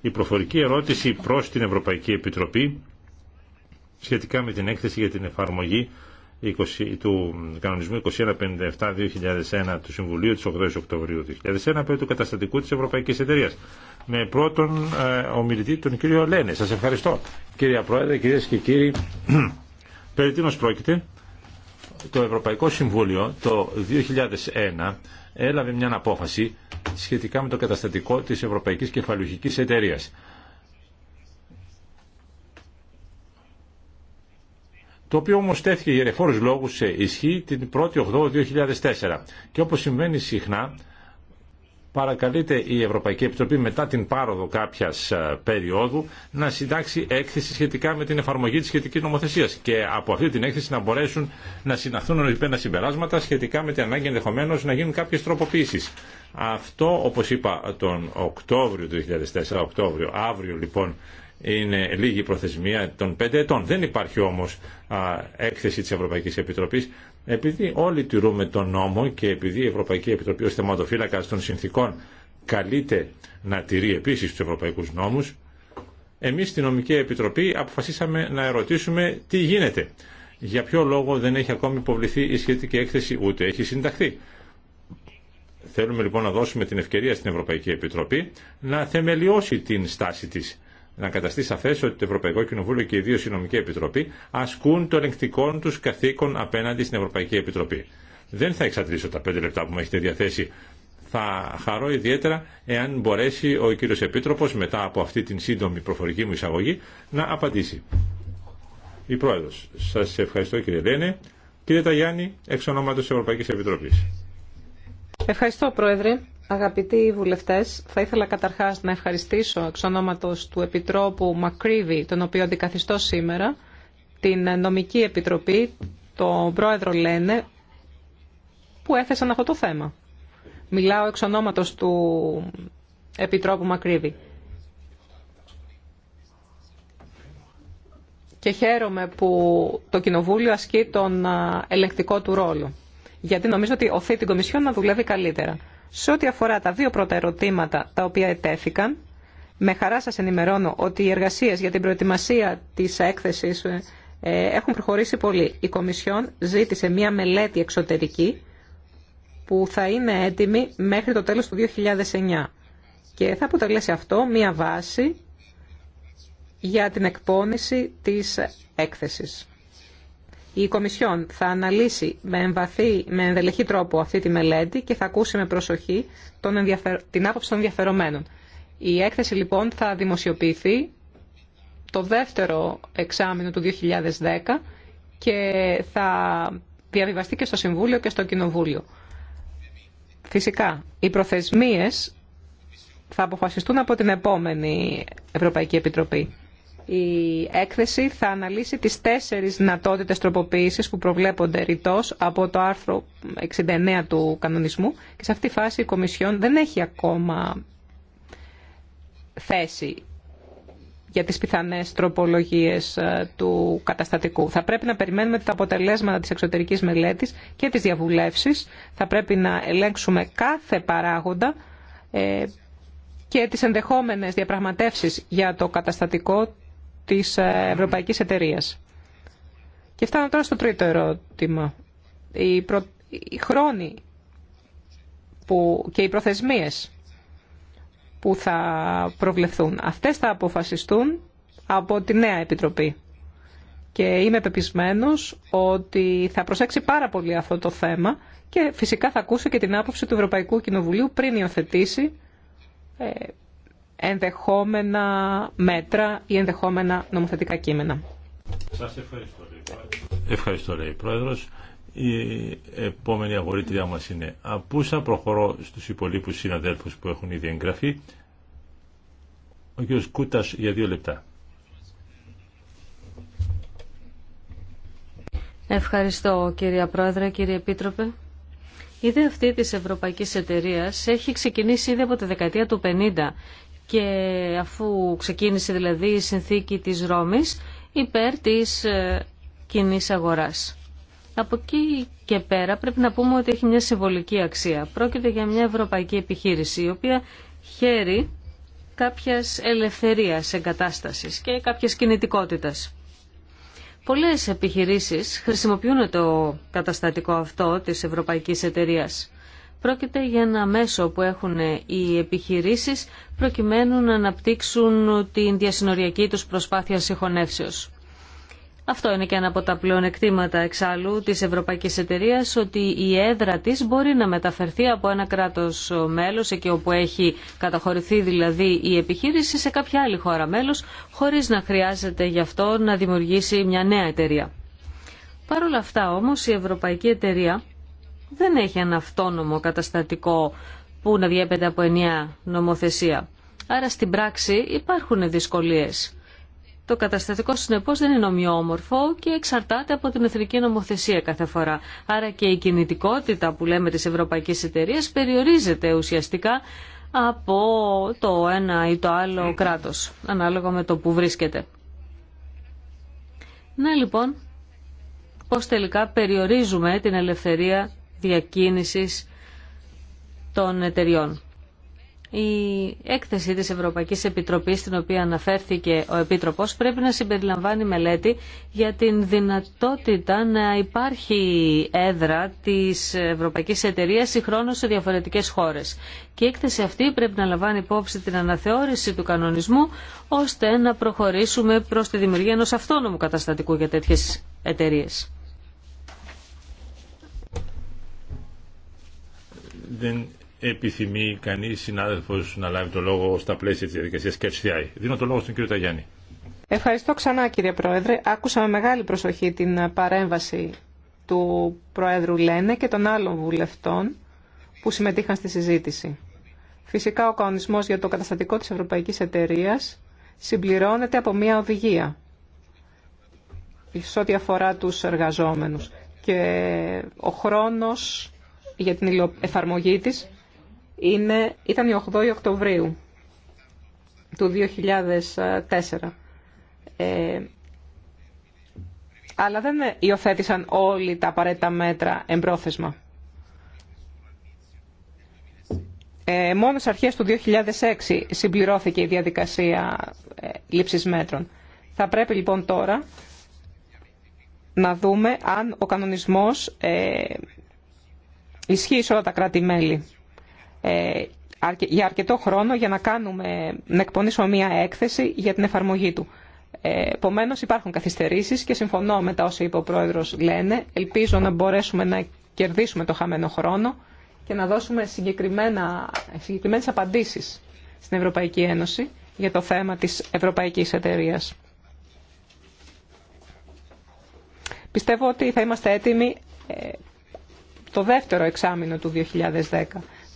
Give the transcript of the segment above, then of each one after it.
η προφορική ερώτηση προς την Ευρωπαϊκή Επιτροπή σχετικά με την έκθεση για την εφαρμογή 20, του κανονισμού 2157-2001 του Συμβουλίου της 8 Οκτωβρίου 2001 περί του καταστατικού της Ευρωπαϊκής Εταιρείας. Με πρώτον ο ε, ομιλητή τον κύριο Λένε. Σας ευχαριστώ. Κύριε Πρόεδρε, κυρίες και κύριοι, περί τίνος πρόκειται το Ευρωπαϊκό Συμβούλιο το 2001 έλαβε μια απόφαση σχετικά με το καταστατικό της Ευρωπαϊκής Κεφαλουχικής Εταιρείας. το οποίο όμως τέθηκε για ρεφόρους λόγους σε ισχύ την 1η 8 2004. Και όπως συμβαίνει συχνά, παρακαλείται η Ευρωπαϊκή Επιτροπή μετά την πάροδο κάποια ε, περίοδου να συντάξει έκθεση σχετικά με την εφαρμογή τη σχετική νομοθεσία και από αυτή την έκθεση να μπορέσουν να συναχθούν ορισμένα συμπεράσματα σχετικά με την ανάγκη ενδεχομένω να γίνουν κάποιε τροποποιήσει. Αυτό, όπω είπα, τον Οκτώβριο του 2004, Οκτώβριο, αύριο λοιπόν είναι λίγη προθεσμία των πέντε ετών. Δεν υπάρχει όμως έκθεση της Ευρωπαϊκής Επιτροπής επειδή όλοι τηρούμε τον νόμο και επειδή η Ευρωπαϊκή Επιτροπή ως θεματοφύλακα των συνθήκων καλείται να τηρεί επίσης τους ευρωπαϊκούς νόμους, εμείς στην Νομική Επιτροπή αποφασίσαμε να ερωτήσουμε τι γίνεται. Για ποιο λόγο δεν έχει ακόμη υποβληθεί η σχετική έκθεση, ούτε έχει συνταχθεί. Θέλουμε λοιπόν να δώσουμε την ευκαιρία στην Ευρωπαϊκή Επιτροπή να θεμελιώσει την στάση της να καταστεί σαφέ ότι το Ευρωπαϊκό Κοινοβούλιο και οι δύο Συνομική Επιτροπή ασκούν το ελεγκτικό του καθήκον απέναντι στην Ευρωπαϊκή Επιτροπή. Δεν θα εξατλήσω τα πέντε λεπτά που μου έχετε διαθέσει. Θα χαρώ ιδιαίτερα εάν μπορέσει ο κύριο Επίτροπο, μετά από αυτή την σύντομη προφορική μου εισαγωγή να απαντήσει. Η πρόεδρο. Σα ευχαριστώ κύριε Λένε. Κύριε Ταγιάννη, εξ ονόματο Ευρωπαϊκή Ευρωπαϊκής Ευχαριστώ Πρόεδρε. Αγαπητοί βουλευτέ, θα ήθελα καταρχάς να ευχαριστήσω εξ ονόματο του Επιτρόπου Μακρύβη, τον οποίο αντικαθιστώ σήμερα, την Νομική Επιτροπή, τον Πρόεδρο Λένε, που έθεσαν αυτό το θέμα. Μιλάω εξ ονόματο του Επιτρόπου Μακρύβη. Και χαίρομαι που το Κοινοβούλιο ασκεί τον ελεγκτικό του ρόλο. Γιατί νομίζω ότι οθεί την Κομισιόν να δουλεύει καλύτερα. Σε ό,τι αφορά τα δύο πρώτα ερωτήματα τα οποία ετέθηκαν, με χαρά σας ενημερώνω ότι οι εργασίες για την προετοιμασία της έκθεσης ε, ε, έχουν προχωρήσει πολύ. Η Κομισιόν ζήτησε μία μελέτη εξωτερική που θα είναι έτοιμη μέχρι το τέλος του 2009 και θα αποτελέσει αυτό μία βάση για την εκπόνηση της έκθεσης. Η Κομισιόν θα αναλύσει με, εμβαθή, με ενδελεχή τρόπο αυτή τη μελέτη και θα ακούσει με προσοχή τον την άποψη των ενδιαφερομένων. Η έκθεση λοιπόν θα δημοσιοποιηθεί το δεύτερο εξάμεινο του 2010 και θα διαβιβαστεί και στο Συμβούλιο και στο Κοινοβούλιο. Φυσικά, οι προθεσμίες θα αποφασιστούν από την επόμενη Ευρωπαϊκή Επιτροπή. Η έκθεση θα αναλύσει τις τέσσερις δυνατότητες τροποποίησης που προβλέπονται ρητός από το άρθρο 69 του κανονισμού και σε αυτή τη φάση η Κομισιόν δεν έχει ακόμα θέση για τις πιθανές τροπολογίες ε, του καταστατικού. Θα πρέπει να περιμένουμε τα αποτελέσματα της εξωτερικής μελέτης και της διαβουλεύσης. Θα πρέπει να ελέγξουμε κάθε παράγοντα ε, και τις ενδεχόμενες διαπραγματεύσεις για το καταστατικό της ε, Ευρωπαϊκής Εταιρείας. Και φτάνω τώρα στο τρίτο ερώτημα. Οι, χρόνοι που... και οι προθεσμίες που θα προβλεφθούν. Αυτές θα αποφασιστούν από τη νέα Επιτροπή. Και είμαι πεπισμένος ότι θα προσέξει πάρα πολύ αυτό το θέμα και φυσικά θα ακούσει και την άποψη του Ευρωπαϊκού Κοινοβουλίου πριν υιοθετήσει ε, ενδεχόμενα μέτρα ή ενδεχόμενα νομοθετικά κείμενα. Σας ευχαριστώ. Ευχαριστώ, λέει η ενδεχομενα νομοθετικα κειμενα σας ευχαριστω λεει Η επόμενη αγορήτριά μας είναι Απούσα. Προχωρώ στους υπολείπους συναδέλφους που έχουν ήδη εγγραφεί. Ο κ. Κούτας για δύο λεπτά. Ευχαριστώ κύριε Πρόεδρε, κύριε Επίτροπε. Η ιδέα αυτή της Ευρωπαϊκής Εταιρείας έχει ξεκινήσει ήδη από τη δεκαετία του 50 και αφού ξεκίνησε δηλαδή η συνθήκη της Ρώμης υπέρ της ε, κοινή αγοράς. Από εκεί και πέρα πρέπει να πούμε ότι έχει μια συμβολική αξία. Πρόκειται για μια ευρωπαϊκή επιχείρηση η οποία χαίρει κάποιας ελευθερίας εγκατάστασης και κάποιας κινητικότητας. Πολλές επιχειρήσεις χρησιμοποιούν το καταστατικό αυτό της Ευρωπαϊκής Εταιρείας. Πρόκειται για ένα μέσο που έχουν οι επιχειρήσεις προκειμένου να αναπτύξουν την διασυνοριακή τους προσπάθεια συγχωνεύσεως. Αυτό είναι και ένα από τα πλεονεκτήματα εξάλλου της Ευρωπαϊκής Εταιρείας ότι η έδρα της μπορεί να μεταφερθεί από ένα κράτος μέλος εκεί όπου έχει καταχωρηθεί δηλαδή η επιχείρηση σε κάποια άλλη χώρα μέλος χωρίς να χρειάζεται γι' αυτό να δημιουργήσει μια νέα εταιρεία. Παρ' όλα αυτά όμως η Ευρωπαϊκή Εταιρεία δεν έχει ένα αυτόνομο καταστατικό που να διέπεται από ενιαία νομοθεσία. Άρα στην πράξη υπάρχουν δυσκολίες. Το καταστατικό συνεπώ δεν είναι ομοιόμορφο και εξαρτάται από την εθνική νομοθεσία κάθε φορά. Άρα και η κινητικότητα που λέμε τη ευρωπαϊκή εταιρεία περιορίζεται ουσιαστικά από το ένα ή το άλλο κράτος, ανάλογα με το που βρίσκεται. Να λοιπόν, πώς τελικά περιορίζουμε την ελευθερία διακίνησης των εταιριών. Η έκθεση της Ευρωπαϊκής Επιτροπής, στην οποία αναφέρθηκε ο Επίτροπος, πρέπει να συμπεριλαμβάνει μελέτη για την δυνατότητα να υπάρχει έδρα της Ευρωπαϊκής Εταιρείας συγχρόνως σε διαφορετικές χώρες. Και η έκθεση αυτή πρέπει να λαμβάνει υπόψη την αναθεώρηση του κανονισμού, ώστε να προχωρήσουμε προς τη δημιουργία ενός αυτόνομου καταστατικού για τέτοιες εταιρείες. δεν επιθυμεί κανείς συνάδελφος να λάβει το λόγο στα πλαίσια της διαδικασία και Δίνω το λόγο στον κύριο Ταγιάννη. Ευχαριστώ ξανά κύριε Πρόεδρε. Άκουσα με μεγάλη προσοχή την παρέμβαση του Προέδρου Λένε και των άλλων βουλευτών που συμμετείχαν στη συζήτηση. Φυσικά ο κανονισμός για το καταστατικό της Ευρωπαϊκής Εταιρείας συμπληρώνεται από μια οδηγία σε ό,τι αφορά τους εργαζόμενους. Και ο χρόνος για την εφαρμογή της είναι, ήταν η 8η Οκτωβρίου του 2004. Ε, αλλά δεν υιοθέτησαν όλοι τα απαραίτητα μέτρα εμπρόθεσμα. Ε, μόνο στις αρχές του 2006 συμπληρώθηκε η διαδικασία ε, λήψης μέτρων. Θα πρέπει λοιπόν τώρα να δούμε αν ο κανονισμός ε, ισχύει σε όλα τα κράτη-μέλη ε, για αρκετό χρόνο για να, κάνουμε, να εκπονήσουμε μια έκθεση για την εφαρμογή του. Ε, Επομένω, υπάρχουν καθυστερήσεις και συμφωνώ με τα όσα είπε ο πρόεδρο λένε. Ελπίζω να μπορέσουμε να κερδίσουμε το χαμένο χρόνο και να δώσουμε συγκεκριμένε απαντήσει απαντήσεις στην Ευρωπαϊκή Ένωση για το θέμα τη Ευρωπαϊκή εταιρεία. Πιστεύω ότι θα είμαστε έτοιμοι ε, το δεύτερο εξάμεινο του 2010.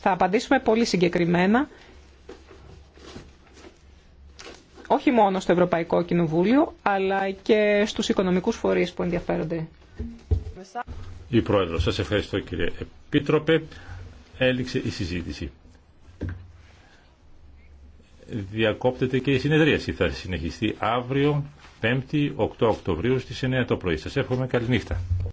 Θα απαντήσουμε πολύ συγκεκριμένα, όχι μόνο στο Ευρωπαϊκό Κοινοβούλιο, αλλά και στους οικονομικούς φορείς που ενδιαφέρονται. Η Πρόεδρος, σας ευχαριστώ κύριε Επίτροπε. Έληξε η συζήτηση. Διακόπτεται και η συνεδρίαση. Θα συνεχιστεί αύριο, 5η, 8 Οκτωβρίου στις 9 το πρωί. Σας εύχομαι καλή νύχτα.